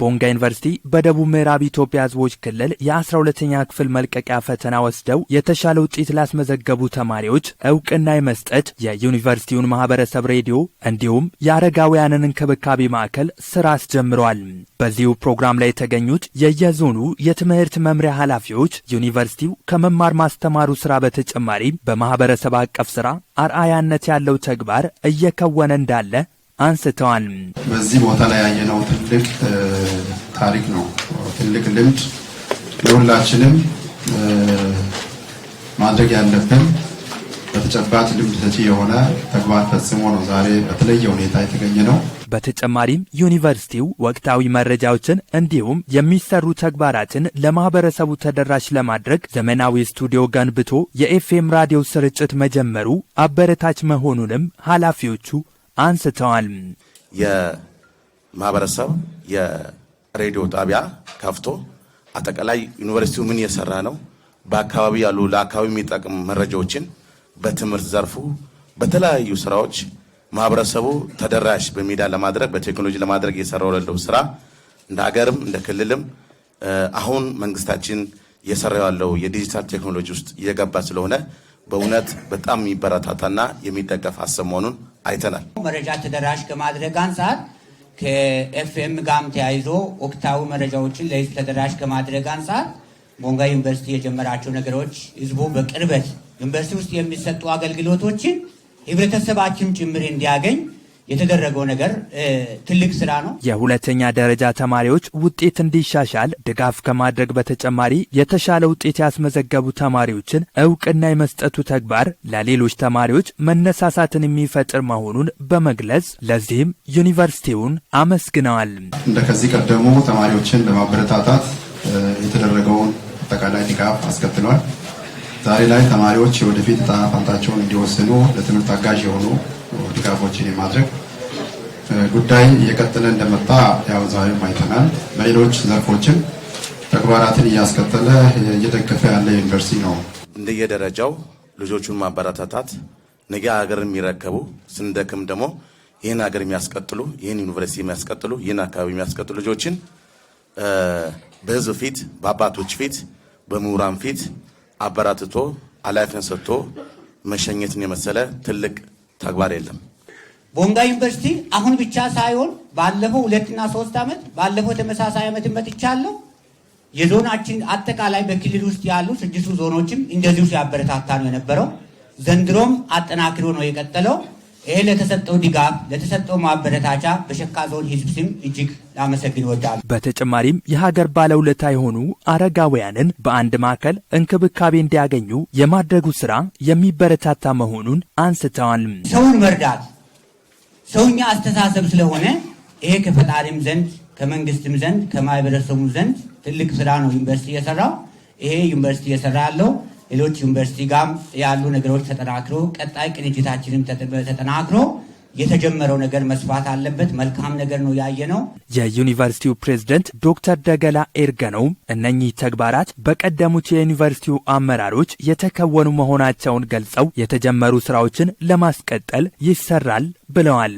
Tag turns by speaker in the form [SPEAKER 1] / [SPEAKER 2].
[SPEAKER 1] ቦንጋ ዩኒቨርሲቲ በደቡብ ምዕራብ ኢትዮጵያ ህዝቦች ክልል የ 12 ተኛ ክፍል መልቀቂያ ፈተና ወስደው የተሻለ ውጤት ላስመዘገቡ ተማሪዎች እውቅና የመስጠት የዩኒቨርሲቲውን ማህበረሰብ ሬዲዮ እንዲሁም የአረጋውያንን እንክብካቤ ማዕከል ስራ አስጀምረዋል። በዚሁ ፕሮግራም ላይ የተገኙት የየዞኑ የትምህርት መምሪያ ኃላፊዎች ዩኒቨርሲቲው ከመማር ማስተማሩ ስራ በተጨማሪ በማህበረሰብ አቀፍ ስራ አርአያነት ያለው ተግባር እየከወነ እንዳለ አንስተዋል።
[SPEAKER 2] በዚህ ቦታ ላይ ያየነው ትልቅ ታሪክ ነው፣ ትልቅ ልምድ ለሁላችንም ማድረግ ያለብን በተጨባጭ ልምድ ሰጪ የሆነ ተግባር ፈጽሞ ነው ዛሬ በተለየ ሁኔታ የተገኘ ነው።
[SPEAKER 1] በተጨማሪም ዩኒቨርሲቲው ወቅታዊ መረጃዎችን እንዲሁም የሚሰሩ ተግባራትን ለማህበረሰቡ ተደራሽ ለማድረግ ዘመናዊ ስቱዲዮ ገንብቶ የኤፍኤም ራዲዮ ስርጭት መጀመሩ አበረታች መሆኑንም ኃላፊዎቹ አንስተዋል።
[SPEAKER 3] የማህበረሰብ የሬዲዮ ጣቢያ ከፍቶ አጠቃላይ ዩኒቨርሲቲው ምን እየሰራ ነው፣ በአካባቢ ያሉ ለአካባቢ የሚጠቅም መረጃዎችን በትምህርት ዘርፉ በተለያዩ ስራዎች ማህበረሰቡ ተደራሽ በሜዳ ለማድረግ በቴክኖሎጂ ለማድረግ እየሰራው ያለው ስራ እንደ ሀገርም እንደ ክልልም አሁን መንግስታችን እየሰራ ያለው የዲጂታል ቴክኖሎጂ ውስጥ እየገባ ስለሆነ በእውነት በጣም የሚበረታታና የሚደገፍ አሰብ መሆኑን አይተናል።
[SPEAKER 4] መረጃ ተደራሽ ከማድረግ አንጻር ከኤፍኤም ጋም ተያይዞ ወቅታዊ መረጃዎችን ለህዝብ ተደራሽ ከማድረግ አንጻር ቦንጋ ዩኒቨርሲቲ የጀመራቸው ነገሮች ህዝቡ በቅርበት ዩኒቨርሲቲ ውስጥ የሚሰጡ አገልግሎቶችን ህብረተሰባችን ጭምር እንዲያገኝ የተደረገው ነገር ትልቅ ስራ ነው።
[SPEAKER 1] የሁለተኛ ደረጃ ተማሪዎች ውጤት እንዲሻሻል ድጋፍ ከማድረግ በተጨማሪ የተሻለ ውጤት ያስመዘገቡ ተማሪዎችን እውቅና የመስጠቱ ተግባር ለሌሎች ተማሪዎች መነሳሳትን የሚፈጥር መሆኑን በመግለጽ ለዚህም ዩኒቨርሲቲውን አመስግነዋል።
[SPEAKER 2] እንደ ከዚህ ቀደሙ ተማሪዎችን ለማበረታታት የተደረገውን አጠቃላይ ድጋፍ አስከትሏል። ዛሬ ላይ ተማሪዎች ወደፊት ዕጣ ፈንታቸውን እንዲወስኑ ለትምህርት አጋዥ የሆኑ ድጋፎችን የማድረግ ጉዳይ እየቀጠለ እንደመጣ ያው ዛሬም አይተናል። በሌሎች ዘርፎችም ተግባራትን እያስቀጠለ እየደገፈ ያለ ዩኒቨርሲቲ ነው።
[SPEAKER 3] እንደየደረጃው ልጆቹን ማበረታታት ነገ ሀገር የሚረከቡ ስንደክም ደግሞ ይህን ሀገር የሚያስቀጥሉ ይህን ዩኒቨርሲቲ የሚያስቀጥሉ ይህን አካባቢ የሚያስቀጥሉ ልጆችን በህዝብ ፊት፣ በአባቶች ፊት፣ በምሁራን ፊት አበራትቶ አላፊን ሰጥቶ መሸኘትን የመሰለ ትልቅ ተግባር የለም።
[SPEAKER 4] ቦንጋ ዩኒቨርሲቲ አሁን ብቻ ሳይሆን ባለፈው ሁለትና ሶስት ዓመት ባለፈው ተመሳሳይ ዓመት መጥቻለሁ። የዞናችን አጠቃላይ በክልል ውስጥ ያሉ ስድስቱ ዞኖችም እንደዚሁ ሲያበረታታ ነው የነበረው። ዘንድሮም አጠናክሮ ነው የቀጠለው። ይህ ለተሰጠው ድጋፍ ለተሰጠው ማበረታቻ በሸካ ዞን ህዝብ ስም እጅግ ላመሰግን እወዳለሁ።
[SPEAKER 1] በተጨማሪም የሀገር ባለውለታ የሆኑ አረጋውያንን በአንድ ማዕከል እንክብካቤ እንዲያገኙ የማድረጉ ስራ የሚበረታታ መሆኑን አንስተዋል።
[SPEAKER 4] ሰውን መርዳት ሰውኛ አስተሳሰብ ስለሆነ ይሄ ከፈጣሪም ዘንድ ከመንግስትም ዘንድ ከማህበረሰቡም ዘንድ ትልቅ ስራ ነው ዩኒቨርሲቲ የሰራው ይሄ ዩኒቨርሲቲ የሰራ ያለው ሌሎች ዩኒቨርሲቲ ጋር ያሉ ነገሮች ተጠናክሮ ቀጣይ ቅንጅታችንም ተጠናክሮ የተጀመረው ነገር መስፋት አለበት። መልካም ነገር ነው ያየ ነው።
[SPEAKER 1] የዩኒቨርሲቲው ፕሬዝደንት ዶክተር ደገላ ኤርገነው እነኚህ ተግባራት በቀደሙት የዩኒቨርሲቲው አመራሮች የተከወኑ መሆናቸውን ገልጸው የተጀመሩ ስራዎችን ለማስቀጠል ይሰራል ብለዋል።